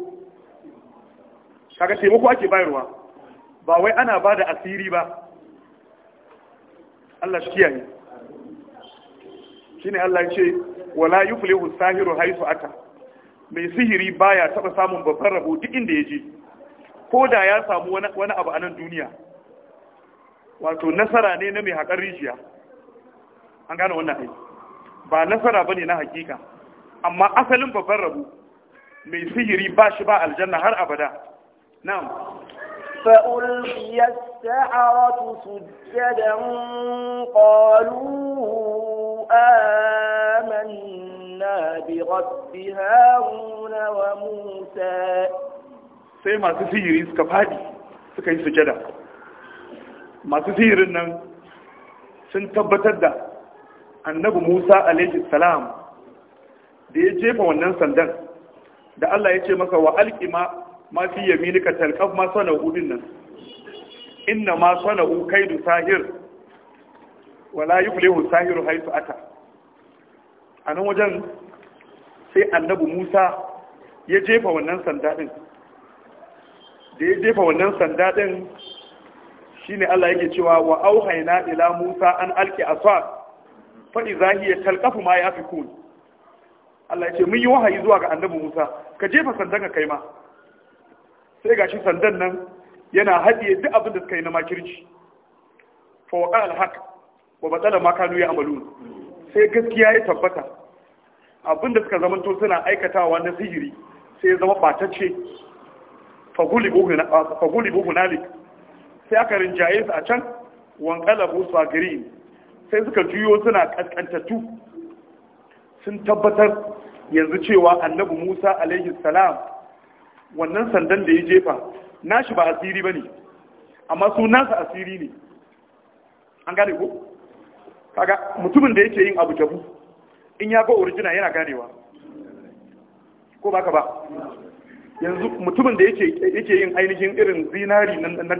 kaga taimako ake bayarwa ba wai ana ba da asiri ba Allah shi kiyaye ne Allah ya ce wala yuflihu sahiru haisu ata mai sihiri baya taba samun babban rabo duk inda ya je ko da ya samu wani abu a nan duniya wato nasara ne na mai haƙar rijiya an gane wannan aiki ba nasara bane na hakika amma asalin babban rabo mai sihiri ba shi ba aljanna har abada na'am فألقي السحرة سجدا قالوا آمنا برب هارون وموسى sai masu sihiri suka fadi suka yi sujada masu sihirin nan sun tabbatar da annabi musa alaihi salam da ya jefa wannan sandan da allah ya ce masa wa alkima ma fi yaminika talqaf ma sana'u nan inna ma sana'u kaidu sahir wala yublehu sahiru haitu ata a nan wajen sai annabi Musa ya jefa wannan sanda din da ya jefa wannan sanda din shine Allah yake cewa wa auhayna ila Musa an alqi aswat fa idza hiya talqafu ma yafikun Allah yake mun yi wahayi zuwa ga annabi Musa ka jefa sandan ka kai ma sai gashi sandan nan yana haɗiye duk abin da suka yi na makirci fa waƙa al wa batsala ma kanu ya amalu sai gaskiya ya tabbata abinda suka zama to suna aikatawa na sihiri sai ya zama batacce faguli buhu nalik sai aka rinjaye su a can wankala bu sagiri sai suka juyo suna kaskantattu sun tabbatar yanzu cewa annabi musa alaihi salam wannan sandan da ya jefa nashi ba asiri ba ne amma su asiri ne an gane ko kaga mutumin da yake yin abu jabu in ya ga original yana ganewa ko baka ba yanzu mutumin da yake yin ainihin irin zinari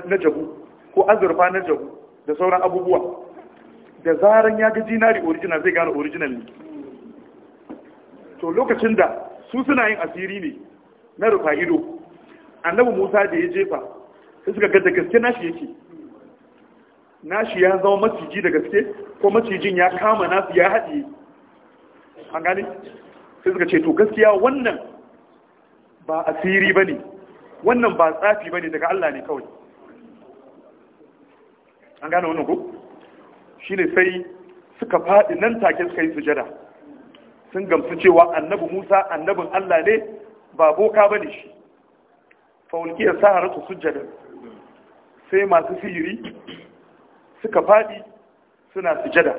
na jabu ko azurfa na jabu da sauran abubuwa da zaran ya ga zinari orijina zai gane original ne to lokacin da su suna yin asiri ne na rufa ido annabi musa da ya jefa sai suka ga gaske nashi yake nashi ya zama maciji da gaske ko macijin ya kama nasu ya haɗe an gane sai suka ce to gaskiya wannan ba asiri ba ne wannan ba tsafi ba ne daga Allah ne kawai an gane wannan ko shi ne sai suka faɗi nan take suka yi sujada sun gamsu cewa annabi musa annabin Allah ne ba boka ba ne shi faulkiyar saharatu sujada sai masu sihiri suka faɗi suna sujada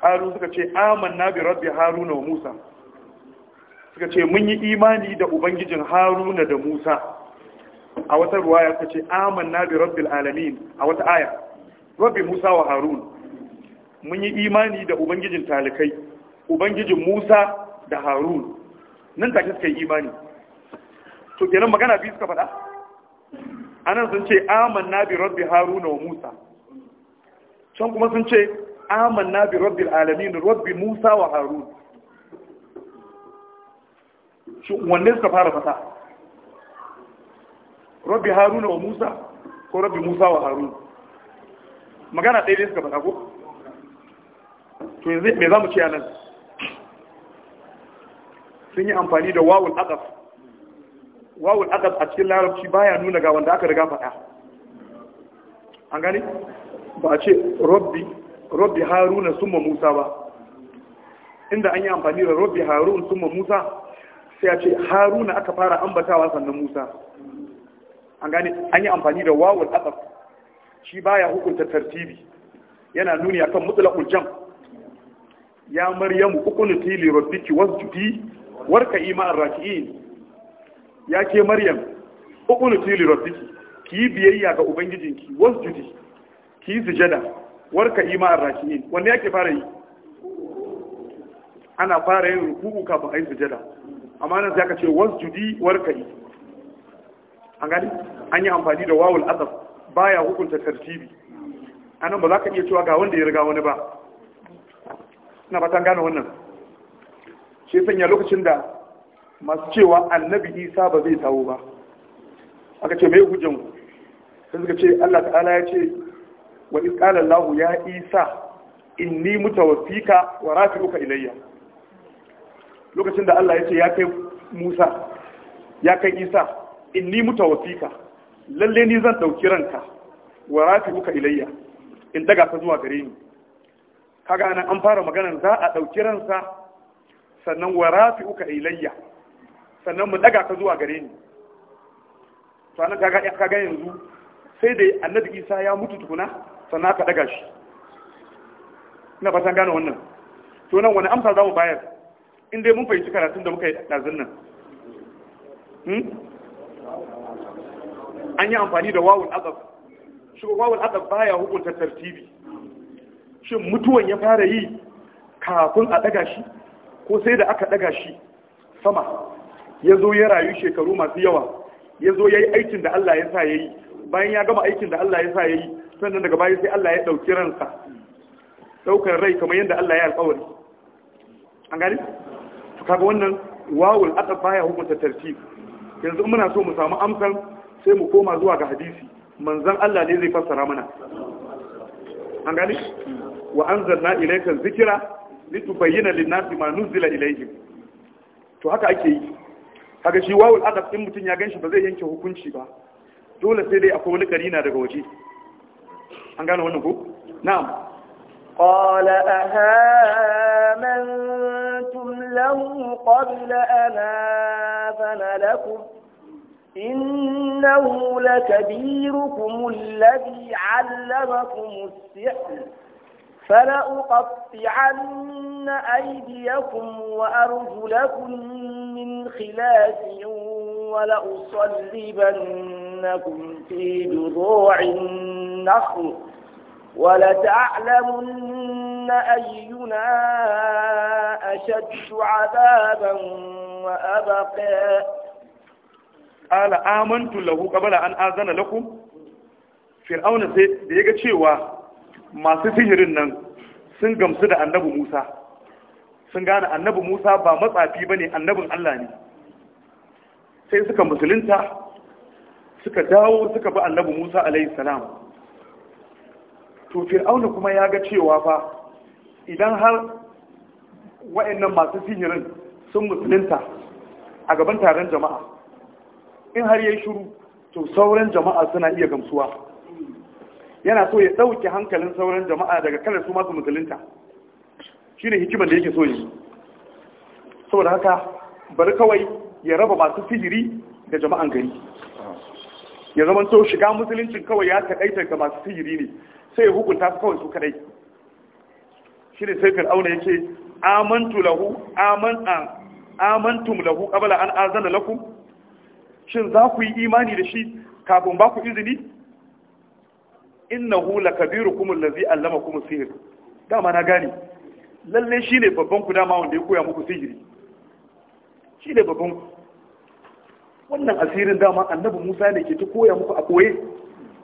ƙaru suka ce amanna bi rabbi haruna wa musa suka ce mun yi imani da ubangijin haruna da musa a wata ruwaya suka ce amanna bi rabbil alamin a wata aya rabbi musa wa harun mun yi imani da ubangijin talikai ubangijin musa da harun nan take suka yi imani to kenan magana biyu suka faɗa anan sun ce amanna bi rabbi haruna wa musa can kuma sun ce amanna bi rabbil alamin rabbi musa wa harun shi wanne suka fara fata rabbi haruna wa musa ko rabbi musa wa harun magana ɗaya ne suka fata ko to yanzu me za mu ce a nan sun yi amfani da wawul aqaf wawul aqaf a cikin larabci baya nuna ga wanda aka riga faɗa an gani ba a ce rabbi rabbi haruna summa musa ba inda an yi amfani da rabbi sun summa musa sai a ce haruna aka fara ambatawa sannan musa an gane an yi amfani da wawon asaf shi baya hukunta tartibi yana nuni akan mutlaqul jam ya maryamu uqnuti li rabbiki wasjudi warka'i ma'ar raki'in ya ke maryam uqnuti tili rabbiki ki biyayya ga ubangijinki wasjudi ki yi sujada warka ima arraki'in wanne yake fara yi ana fara yin ruku'u kafin a yi sujada amma nan zaka ce wasjudi yi an gani an yi amfani da wawul azab baya hukunta tartibi anan ba za ka iya cewa ga wanda ya riga wani ba ina ba tan gane wannan shi sanya lokacin da masu cewa annabi isa ba zai tawo ba aka ce mai hujjan ku sai suka ce Allah ta'ala ya ce wa iz qala Allah ya Isa inni mutawaffika wa rafi'uka ilayya lokacin da Allah ya ce ya kai Musa ya kai Isa inni mutawaffika lalle ni zan dauki ranka wa rafi'uka ilayya in daga ka zuwa gare ni kaga nan an fara maganar za a dauki ransa sannan wa rafi'uka ilayya sannan mu daga ka zuwa gare ni to anan kaga kaga yanzu sai dai annabi Isa ya mutu tukuna sannan aka daga shi na fasan gane wannan to wani amsa za mu bayar in dai mun fahimci karatun da muka yi ɗazin nan hmm? an yi amfani da wawul azab shi wawul azab baya hukunta tartibi shin mutuwan ya fara yi kafin a daga shi ko sai da aka daga shi sama ya zo ya rayu shekaru masu yawa ya zo ya yi aikin da Allah ya sa ya yi bayan ya gama aikin da Allah ya sa ya yi sannan daga baya sai Allah ya ɗauki ransa ɗaukar rai kamar yadda Allah ya alƙawari an gani to kaga wannan wawul aka baya hukunta tartib yanzu muna so mu samu amsan sai mu koma zuwa ga hadisi manzon Allah ne zai fassara mana an gani wa anzalna ilayka dhikra litubayyana lin-nasi ma nuzila ilayhim to haka ake yi kaga shi wawul adab din mutun ya ganshi ba zai yanke hukunci ba dole sai dai akwai wani karina daga waje an gane wannan ko na'am qala aha man tum lahu qabla ana fana lakum innahu lakabirukum alladhi 'allamakum as-sihr فلأقطعن أيديكم وأرجلكم من خلاف ولأصلبن لتسقطنكم في جذوع النخل ولتعلمن أينا أشد عذابا وأبقى قال آمنت له قبل أن آذن لكم فرعون da ya ga cewa masu sihirin nan sun gamsu da annabi Musa sun gane annabi Musa ba matsafi ba ne annabin Allah ne sai suka musulunta suka dawo suka bi annabi Musa alayhi salam to fir'auna kuma ya ga cewa fa idan har wa'annan masu sinirin sun musulunta a gaban taron jama'a in har yayi shiru to sauran jama'a suna iya gamsuwa yana so ya dauke hankalin sauran jama'a daga kalar su masu musulunta shine hikimar da yake so yi saboda haka bari kawai ya raba masu sihiri da jama'an gari ya zama to shiga musuluncin kawai ya taƙaita ga masu sihiri ne sai ya hukunta su kawai su kadai shi ne sai fir'auna ya ce amantu lahu amantum lahu ƙabala an azana lakum shin za ku yi imani da shi kafin ba ku izini innahu lazi allama kuma sihir dama na gane lalle shi ne babban ku dama wanda ya koya muku sihiri Shi ne babban ku wannan asirin dama annabi Musa ne ke ta koya muku a koye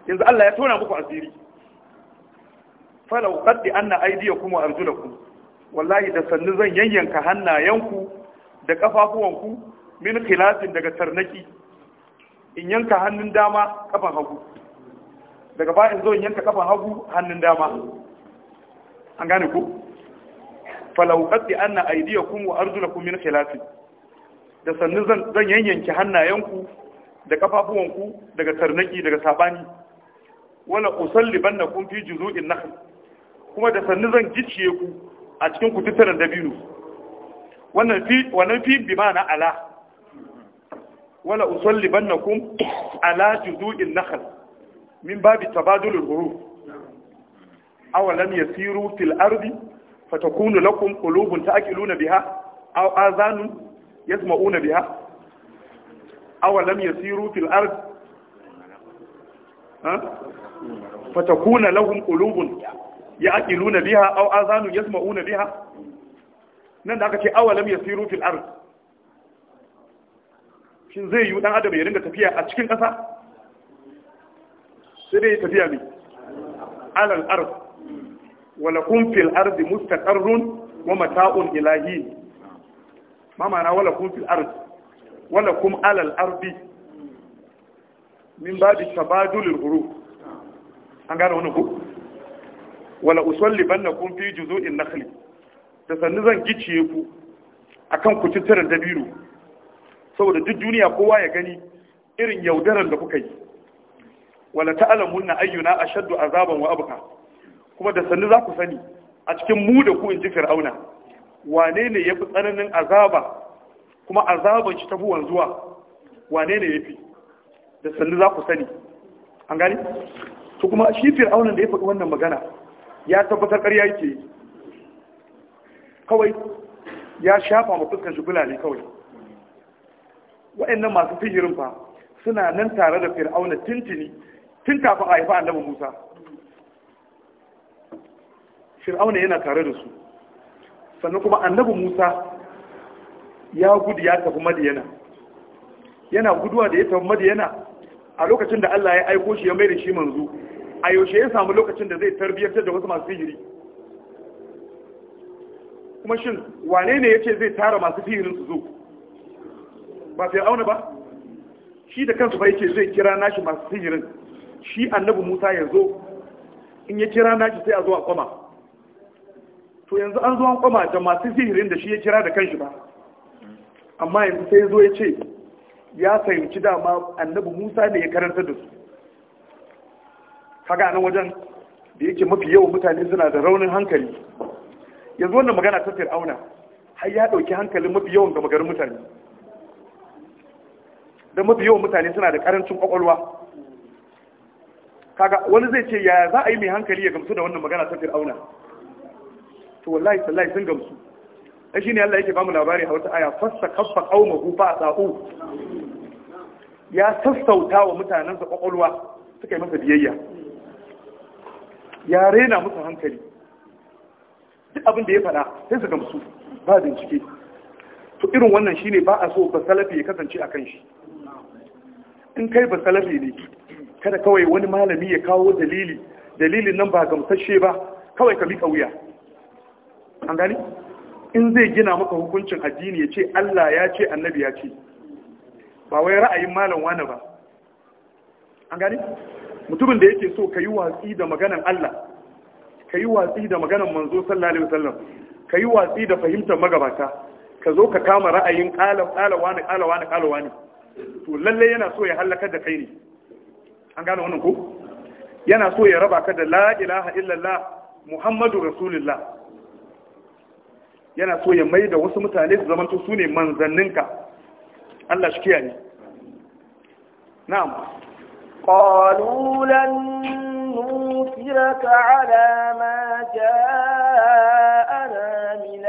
yanzu Allah ya tona muku asiri falau qaddi anna aydiyakum wa arjulakum wallahi da sannu zan yanyanka hannayenku da kafafuwanku min khilafin daga tarnaki in yanka hannun dama kafan hagu daga ba in zo in yanka kafan hagu hannun dama an gane ku falau qaddi anna aydiyakum wa arjulakum min khilafin da sannu zan yanyanki hannayenku da kafafuwanku daga tarnaki daga sabani wala usalli banna kun fi juzu'in nakhl kuma da sannu zan gicciye ku a cikin kututturen dabino wannan fi wannan fi bi mana ala wala usalli banna kun ala juzu'in nakhl min babi tabadulul huruf lam yasiru fil ardi fatakunu lakum qulubun ta'qiluna biha aw azanun yasma'una biha aw lam yasiru fil ard fatakuna lahum qulubun ya'qiluna biha aw azanun yasma'una biha nan da aka ce awa lam yasiru fil ard shin zai yi dan adam ya dinga tafiya a cikin ƙasa sai dai tafiya ne alal ard wala kun fil ardi mustaqarrun wa mata'un ilahi ma ma'ana wala kun fil ard wala kum alal ardi min babi tabadulul huruf an gane wannan ko wala usalli usallibannakum fi juzu'in nakhli da sannu zan giciye ku akan ku tattaran dabiru saboda duk duniya kowa ya gani irin yaudaran da kuka yi wala ta'lamunna ayyuna ashaddu azaban wa abqa kuma da sannu za ku sani a cikin mu da ku in ji fir'auna wane ne ya fi tsananin azaba kuma azaban shi tafi wanzuwa wane ne ya fi da sannu za ku sani an gani su kuma shi fir'aunan da ya faɗi wannan magana ya tabbatar ƙarya yake yi kawai ya shafa ma fuskar shi bulale kawai wa'annan masu fihirin fa suna nan tare da fir'auna tintini tun kafin a haifa annabi musa fir'auna yana tare da su sannan kuma annabi Musa ya gudu ya tafi Madiyana yana guduwa da ya tafi Madiyana a lokacin da Allah ya aiko shi ya mai da shi manzo a yaushe ya samu lokacin da zai tarbiyyar da wasu masu sihiri kuma shin wane ne ce zai tara masu sihirin su zo ba sai auna ba shi da kansu ya ce zai kira nashi masu sihirin shi annabi Musa ya zo in ya kira nashi sai a zo a kwama to yanzu an zo an kwama da masu sihirin da shi ya kira da kanshi ba amma yanzu sai zo ya ce ya sayanci dama annabi musa ne ya karanta da su kaga nan wajen da yake mafi yawan mutane suna da raunin hankali yanzu wannan magana ta fir'auna har ya ɗauki hankalin mafi yawan ga magarin mutane da mafi yawan mutane suna da karancin kwakwalwa kaga wani zai ce yaya za a yi mai hankali ya gamsu da wannan magana ta fir'auna to wallahi sallahi sun gamsu ai shine Allah yake bamu labari a wata aya fassa kaffa qaumahu fa sa'u ya sassauta wa mutanen sa kwakwalwa suka yi masa biyayya ya rena musu hankali duk abin da ya faɗa sai su gamsu ba bincike to irin wannan shine ba a so ba salafi ya kasance kan shi in kai ba salafi ne kada kawai wani malami ya kawo dalili dalilin nan ba gamsashe ba kawai ka miƙa wuya an gani in zai gina maka hukuncin addini ya ce Allah ya ce annabi ya ce ba wai ra'ayin malam wani ba an gani mutumin da yake so ka yi watsi da maganan Allah ka yi watsi da maganan manzo sallallahu alaihi wasallam ka yi watsi da fahimtar magabata ka zo ka kama ra'ayin ƙalawa ne ƙalawa to lalle yana so ya halakar da kai ne an gane wannan ko yana so ya raba ka da la ilaha illallah muhammadu rasulullah yana so ya mai da wasu mutane su zamanto su ne manzanninka Allah shi kiyaye na'am qalu lan nusiraka ala ma ja'ana min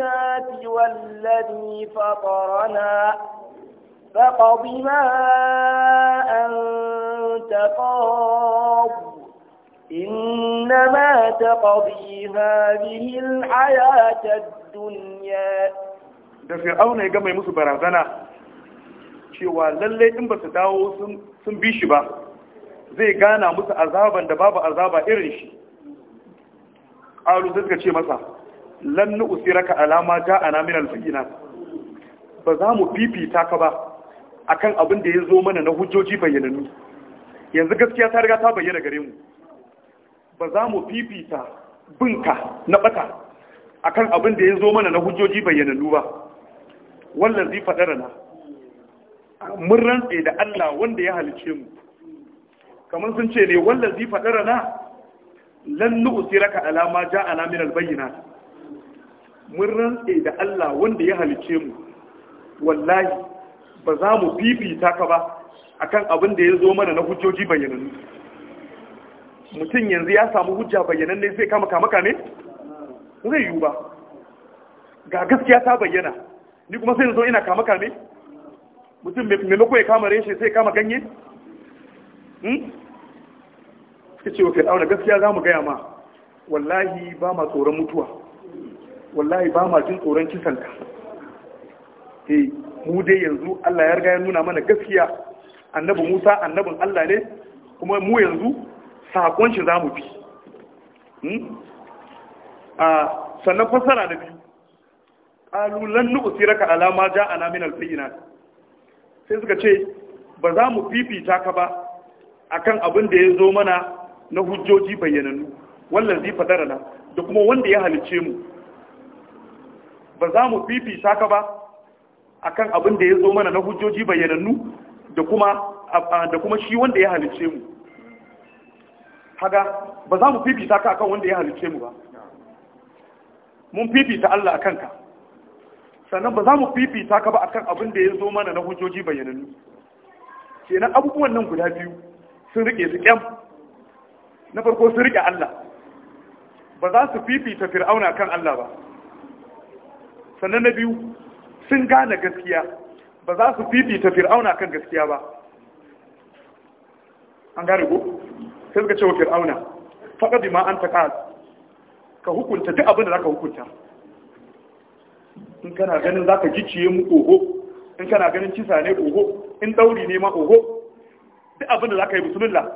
al walladhi fatarana فاقض ما أنت قاض إنما تقضي هذه الحياة الدنيا da fir'auna ya gama musu barazana cewa lallai in ba su dawo sun bi shi ba zai gana musu azaban da babu azaba irin shi alu suka ce masa lan nu'siraka alama ja'ana a al-bayyinat ba za mu fifita ka ba akan abin da ya zo mana na hujjoji bayyanannu yanzu gaskiya ta riga ta bayyana gare mu ba za mu fifita binka na bata kan abin da ya zo mana na hujjoji bayyanannu ba wannan zai faɗa rana mun rantse da Allah wanda ya halice mu kamar sun ce ne wannan zai faɗa rana lan nu'siraka ala ma ja'ana min al-bayyinat mun rantse da Allah wanda ya halice mu wallahi ba za mu fifita ka ba akan abin da ya zo mana na hujjoji bayyanannu mutum yanzu ya samu hujja bayyanan ne zai kama kama kame zai yiwu ba ga gaskiya ta bayyana ni kuma sai zo ina kama kame mutum mai maimako ya kama reshe sai kama ganye hmm? suka ce wa fir'auna gaskiya za mu gaya ma wallahi ba ma tsoron mutuwa wallahi ba ma jin tsoron kisanka eh mu dai yanzu Allah ya riga ya nuna mana gaskiya annabi Musa annabin Allah ne kuma mu yanzu sakon shi za mu bi hmm? sannan fassara da biyu ƙalulan nukusi ka alama ja a namin alfiyina sai suka ce ba za mu fifita ka ba a kan abin da ya zo mana na hujjoji bayyanannu wannan zai na da kuma wanda ya halice mu ba za mu fifita ka ba a kan abin da ya zo mana na hujjoji bayyanannu da kuma shi wanda ya halice mu Haga, ba za mu fifita ka akan wanda ya halice mu ba mun fifita Allah akan ka sannan ba za mu fifita ka ba akan abin da ya zo mana na hujjoji bayyanannu kenan abubuwan nan guda biyu sun rike su kyam na farko sun rike Allah ba za su fifita fir'auna kan Allah ba sannan na biyu sun gane gaskiya ba za su fifita fir'auna kan gaskiya ba an gane ko sai suka ce wa fir'auna bi ma ta qal ka hukunta duk abin da ka hukunta in kana ganin za ka gicciye mu oho in kana ganin kisa ne oho in ɗauri ne ma oho duk abin da ka yi bismillah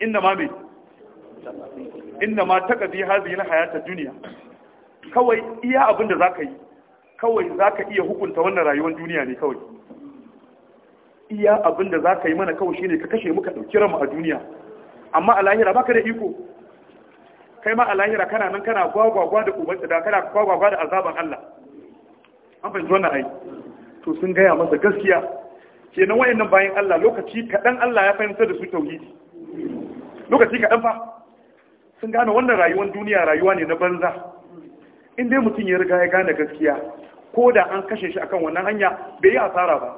inda ma mai inda ma taqdi hadhihi hayata. Duniya kawai iya abin da ka yi kawai za ka iya hukunta wannan rayuwar duniya ne kawai iya abin da ka yi mana kawai shi ne ka kashe muka ɗauki ranmu a duniya amma a lahira baka da iko kai ma a lahira kana nan kana gwagwagwa da ubanci tsada kana gwagwagwa da azaban Allah an fahimci wannan ai to sun gaya masa gaskiya kenan wayannan bayan Allah lokaci kaɗan Allah ya fahimtar da su tauhidi lokaci kaɗan fa sun gane wannan rayuwar duniya rayuwa ne na banza in dai mutum ya riga ya gane gaskiya ko da an kashe shi akan wannan hanya bai yi asara ba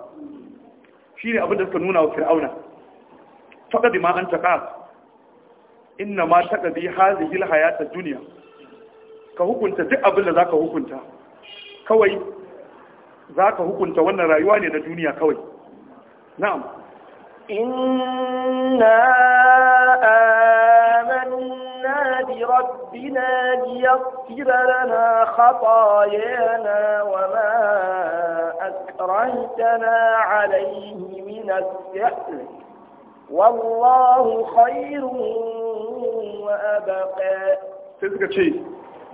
shi ne abin da suka nuna wa fir'auna faɗa bi ma an taƙa inna ma taqdi hadhihi alhayata dunya ka hukunta duk abin da zaka hukunta kawai zaka hukunta wannan rayuwa ne na duniya kawai na'am inna amanna bi rabbina liyaghfir lana khataayana wa ma akrahtana alayhi min as wallahu khairun wa abqa sai suka ce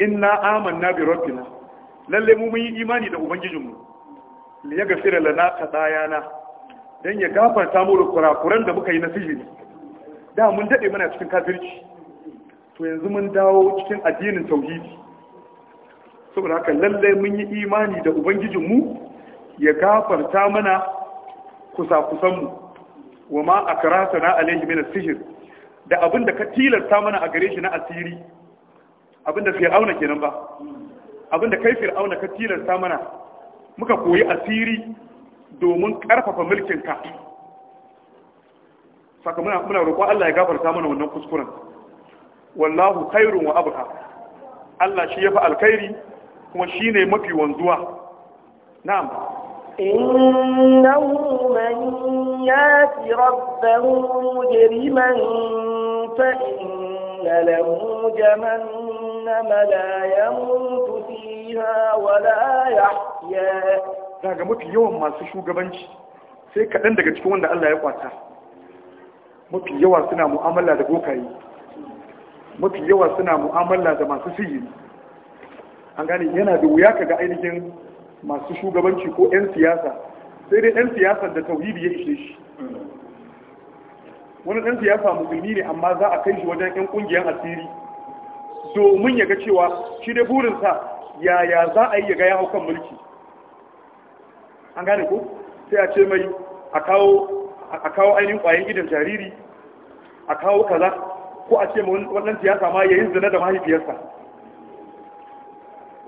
inna amanna bi rabbina lalle mu mun yi imani da ubangijinmu li ya gafira lana qadayana dan ya gafarta mu kurakuran da muka yi na sihiri da mun dade muna cikin kafirci to yanzu mun dawo cikin addinin tauhidi saboda haka lalle mun yi imani da ubangijin mu, ya gafarta mana kusa kusan mu. wa ma akrasana alaihi min as da abin da ka tilasta mana a gare shi na asiri abin da fir'auna kenan ba abin da kai fir'auna ka tilasta mana muka koyi asiri domin karfafa mulkin ka saka muna muna roƙo Allah ya gafarta mana wannan kuskuren wallahu khairun wa abqa Allah shi yafi alkhairi kuma shine mafi wanzuwa na'am إنه من يات ربه مجرما فإن له جهنم لا يموت فيها ولا يحيا daga mafi yawan masu shugabanci sai kaɗan daga cikin wanda Allah ya kwata mafi yawa suna mu'amala da bokaye mafi yawa suna mu'amala da masu sihiri an gane yana da wuya kaga ainihin masu shugabanci ko 'yan siyasa sai dai 'yan siyasa da tauhidi ya ishe shi wani ɗan siyasa musulmi ne amma za a kai shi wajen 'yan ƙungiyar asiri domin ya ga cewa shi dai burinsa yaya za a yi ya ga ya hau kan mulki an gane ko sai a ce mai a kawo ainihin ƙwayen gidan jariri a kawo kaza ko a ce wannan siyasa ma yayin zina da mahaifiyarsa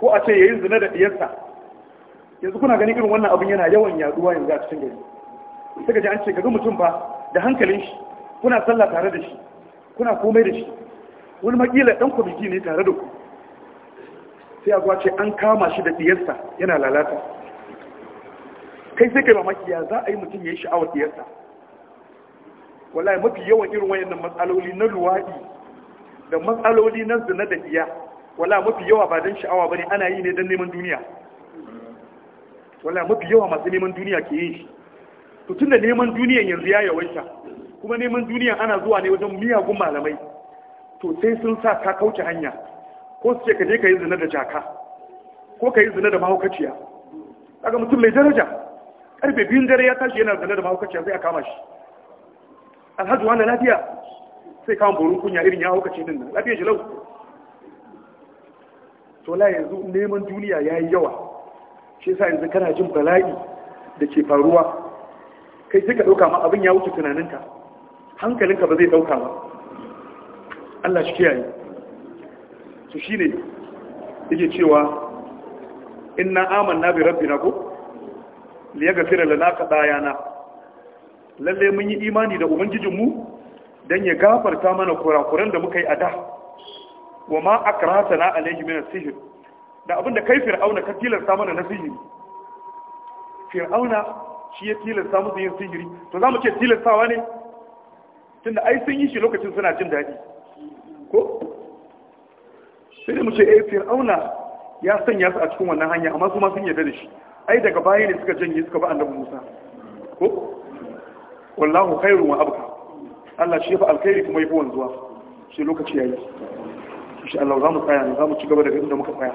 ko a ce yayin zina da ɗiyarsa yanzu kuna ganin irin wannan abin yana yawan yaduwa yanzu a cikin gari suka ji an ce kaga mutum ba da hankalin shi kuna sallah tare da shi kuna komai da shi wani makila dan kwamiti ne tare da ku sai a ce an kama shi da diyarsa yana lalata kai sai kai mamaki ya za a yi mutum ya yi sha'awar diyarsa wallahi mafi yawan irin wayannan matsaloli na luwadi da matsaloli na zina da iya wallahi mafi yawa ba don sha'awa ba ne, ana yi ne don neman duniya Wala mafi yawa masu neman duniya ke yin shi to tunda neman duniyan yanzu ya yawaita kuma neman duniyan ana zuwa ne wajen miyagun malamai to sai sun sa ka kauce hanya ko su ce ka je ka yi zina da jaka ko ka yi zina da mahaukaciya daga mutum mai daraja karfe biyun dare ya tashi yana zina da mahaukaciya sai a kama shi alhaji wani lafiya sai kama borin kunya irin ya haukace din nan lafiya shi lau to la yanzu neman duniya ya yi yawa shi sa yanzu kana jin bala'i da ke faruwa kai sai ka ɗauka ma abin ya wuce tunaninka hankalinka ba zai ɗauka ba Allah shi kiyaye su shi ne yake cewa aman na bi na ko ga yaghfira lana na. lalle mun yi imani da ubangijinmu don ya gafarta mana kurakuran da muka yi a da wa ma na alaihi min as da abinda kai fir'auna ka tilasta mana na sihiri fir'auna shi ya tilasta musu yin sihiri to za mu ce tilastawa ne tunda ai sun yi shi lokacin suna jin daɗi ko sai da mu ce eh fir'auna ya sanya su a cikin wannan hanya amma su ma sun yarda da shi ai daga baya ne suka janye suka ba annabi Musa ko wallahu khairu wa abqa Allah shi fa alkhairi kuma yafi wanzuwa shi lokaci yayi insha Allah za mu tsaya za mu ci gaba daga inda muka tsaya